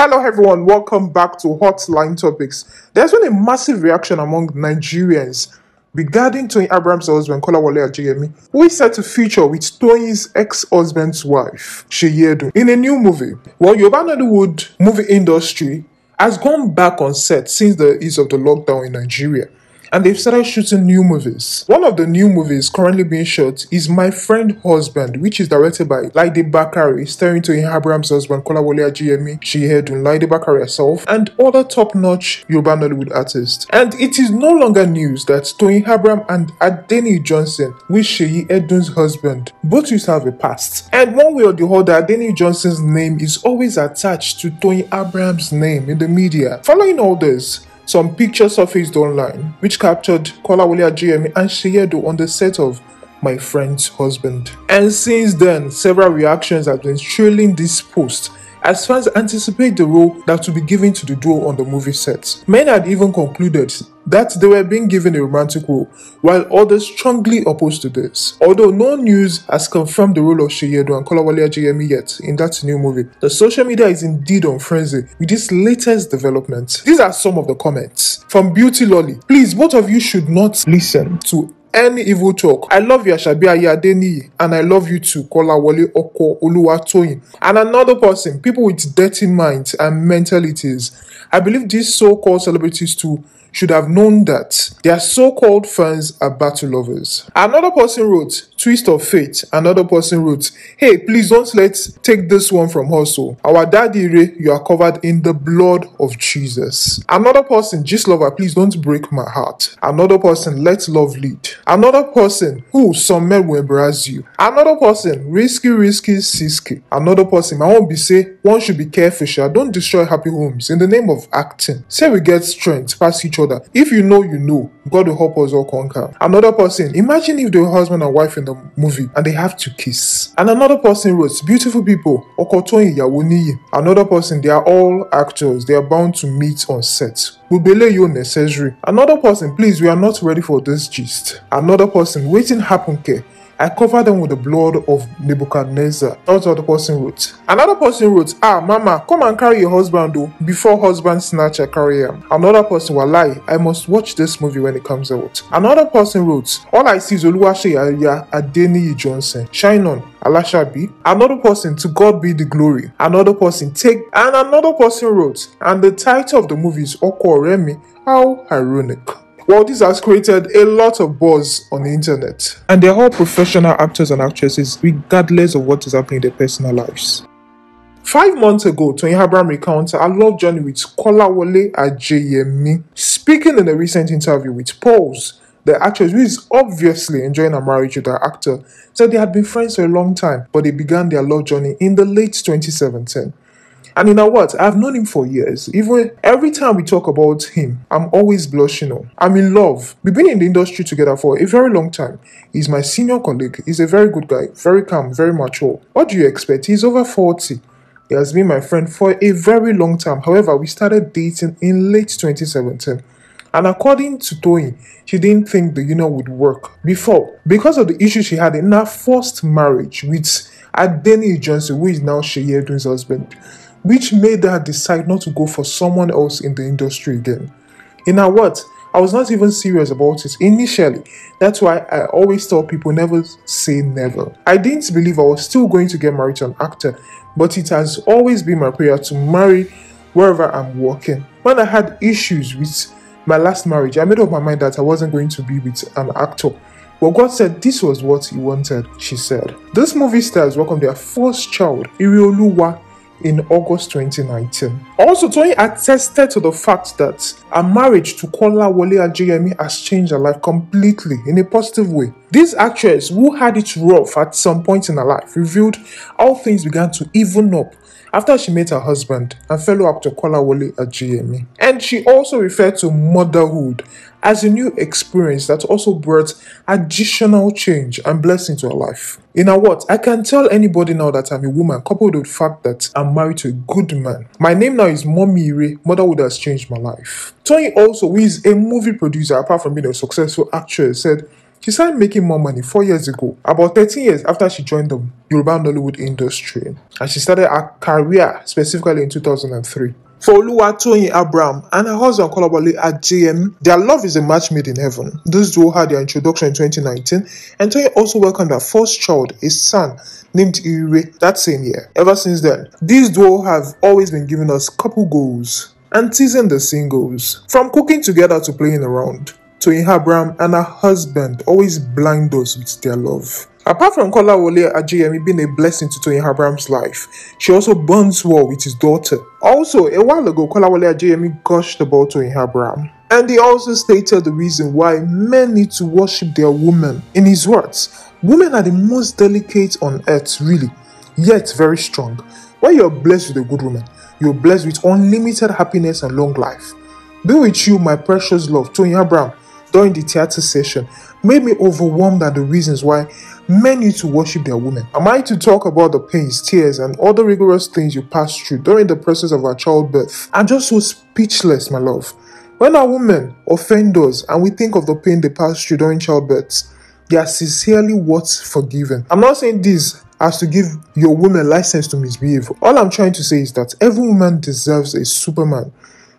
Hello, everyone. Welcome back to Hotline Topics. There's been a massive reaction among Nigerians regarding Tony Abraham's husband, Kolawole Ajayemi, who is set to feature with Tony's ex-husband's wife, Sheyedu, in a new movie. Well, Yoruba Nollywood movie industry has gone back on set since the ease of the lockdown in Nigeria and they've started shooting new movies. One of the new movies currently being shot is My Friend Husband, which is directed by Laide Bakari, starring to Abraham's husband Kolawole Ajiyemi, Shihedun, Laide Bakari herself, and other top-notch Yoruba Nollywood artists. And it is no longer news that Toyin Abraham and Adeni Johnson, which Sheyi Edun's husband, both used to have a past. And one way or the other, Adeni Johnson's name is always attached to Toyin Abraham's name in the media. Following all this, some pictures surfaced online which captured Kolawole Ajayemi and Sheyedo on the set of my friend's husband. And since then, several reactions have been trailing this post as fans anticipate the role that will be given to the duo on the movie set. many had even concluded that they were being given a romantic role, while others strongly opposed to this. Although no news has confirmed the role of Sheyedo and Kolawale Ajayemi yet in that new movie, the social media is indeed on frenzy with this latest development. These are some of the comments. From Beauty Lolly, please both of you should not listen to any evil talk. I love you, Ashabi Ayadeniyi, and I love you too, Kolawole Oko Oluwatoyin. And another person, people with dirty minds and mentalities. I believe these so-called celebrities too should have known that their so-called fans are battle lovers. Another person wrote, Twist of Fate, another person wrote, Hey, please don't let's take this one from Hustle. Oh. Our daddy Ray, you are covered in the blood of Jesus. Another person, just Lover, please don't break my heart. Another person, let love lead. Another person, who some men will embarrass you. Another person, risky, risky, sisky. Another person, my own be say, one should be careful, sure. don't destroy happy homes in the name of acting. Say we get strength past each other. If you know, you know. God will help us all conquer. Another person, imagine if the husband and wife in the movie and they have to kiss. And another person wrote, Beautiful people, Another person, they are all actors, they are bound to meet on set. We you necessary. Another person, please, we are not ready for this gist. Another person, waiting happen care. I covered them with the blood of Nebuchadnezzar. That's what the person wrote. Another person wrote, Ah, Mama, come and carry your husband, though, before husband snatcher carry him. Another person, Wallahi, I must watch this movie when it comes out. Another person wrote, All I see is Oluwase Adeniyi Johnson. Shine on. B. Another person, To God be the glory. Another person, Take. And another person wrote, And the title of the movie is Oko Remi. How ironic. Well, this has created a lot of buzz on the internet, and they're all professional actors and actresses, regardless of what is happening in their personal lives. Five months ago, Tony Abraham recounted I love Johnny with at Ajayemi, speaking in a recent interview with Pauls. The actress, who is obviously enjoying a marriage with her actor, said they had been friends for a long time, but they began their love journey in the late 2017. And you know what? I've known him for years. Even every time we talk about him, I'm always blushing. Up. I'm in love. We've been in the industry together for a very long time. He's my senior colleague. He's a very good guy, very calm, very mature. What do you expect? He's over 40. He has been my friend for a very long time. However, we started dating in late 2017. And according to Toyin, she didn't think the union would work before because of the issue she had in her first marriage with Adeni Johnson, who is now Sheyedun's husband which made her decide not to go for someone else in the industry again. In her words, I was not even serious about it initially. That's why I always tell people never say never. I didn't believe I was still going to get married to an actor, but it has always been my prayer to marry wherever I'm working. When I had issues with my last marriage, I made up my mind that I wasn't going to be with an actor. But God said this was what He wanted, she said. This movie stars welcomed their first child, Irioluwa in August 2019. Also, Tony attested to the fact that her marriage to Kola and Ajayemi has changed her life completely in a positive way. This actress, who had it rough at some point in her life, revealed how things began to even up after she met her husband and fellow actor at GME, And she also referred to motherhood as a new experience that also brought additional change and blessing to her life. You know what? I can tell anybody now that I'm a woman, coupled with the fact that I'm married to a good man. My name now is Momiri. Motherhood has changed my life. Tony also, who is a movie producer apart from being a successful actress, said, she started making more money four years ago, about 13 years after she joined the Yoruba Nollywood industry, and she started her career specifically in 2003. For Tony Abraham and her husband Kolobale Ajayemi, their love is a match made in heaven. This duo had their introduction in 2019, and Tony also welcomed their first child, a son named Ire, that same year. Ever since then, these duo have always been giving us couple goals and teasing the singles, from cooking together to playing around to Abraham and her husband always blind us with their love. Apart from Kola Wole Ajayemi being a blessing to Tony Abraham's life, she also bonds well with his daughter. Also, a while ago, Kola Wole Ajayemi gushed about Toyin Abraham. And he also stated the reason why men need to worship their women. In his words, women are the most delicate on earth, really, yet very strong. When you're blessed with a good woman, you're blessed with unlimited happiness and long life. Be with you, my precious love, Tony Abraham during the theater session made me overwhelmed at the reasons why men need to worship their women. Am I to talk about the pains, tears, and other rigorous things you pass through during the process of our childbirth? I'm just so speechless, my love. When our women offend us and we think of the pain they pass through during childbirth, they are sincerely worth forgiving. I'm not saying this as to give your woman license to misbehave. All I'm trying to say is that every woman deserves a superman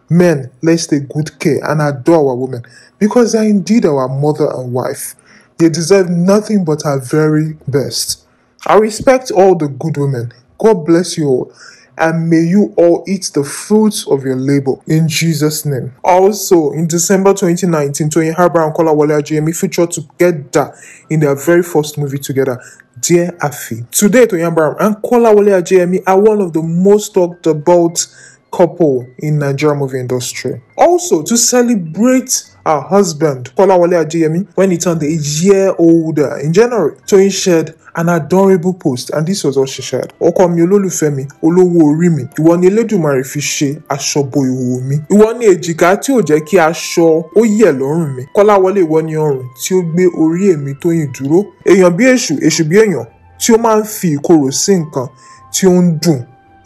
Men, let's take good care and adore our women because they are indeed our mother and wife. They deserve nothing but our very best. I respect all the good women. God bless you all. And may you all eat the fruits of your labor in Jesus' name. Also, in December 2019, Tony Harbour and Kola Wale Ajayemi featured together in their very first movie together, Dear Afi. Today, Tony Harbour and Kola Wale Ajayemi are one of the most talked about couple in Nigeria movie industry. Also, to celebrate her husband, Kolawole Adeyemi, when he turned a year older in January, Toyin shared an adorable post and this was all she shared. Ọkọ mi olólùfẹ́ mi olówó orí mi ìwọ ni Elédùmarè fi ṣe aṣọ bo ìhòòhò mi. Ìwọ ni èjìká tí ò jẹ́ kí aṣọ ó yẹ̀ lọ́rùn mi. Kọ́láwọlé ìwọ ni ọrùn tí ó gbé orí èmi Tóyìn dúró. Èèyàn bí èṣù èṣù bí èèyàn tí ó máa ń fi ìkorò sí nǹkan tí ó ń dùn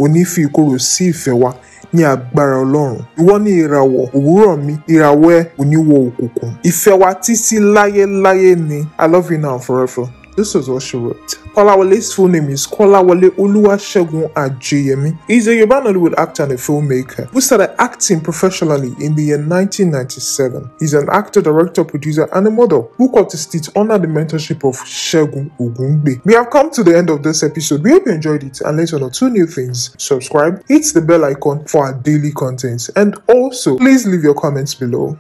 òní fi ìkorò sí ìfẹ́ wa ní agbára ọlọ́run ìwọ ni ìràwọ̀ òwúrọ̀ mi ìràwọ̀ ẹ òníwọ̀ òkùnkùn ìfẹ́ wa títí láyéláyé ni i love you now forever. This is what she wrote. Kolawale's full name is Kolawale Oluwasegun Ajayemi. He's a Yoruba Nollywood actor and a filmmaker who started acting professionally in the year 1997. He's an actor, director, producer, and a model who got his teeth under the mentorship of Shegun Ogungbe. We have come to the end of this episode. We hope you enjoyed it and let's on two new things. Subscribe, hit the bell icon for our daily contents, and also please leave your comments below.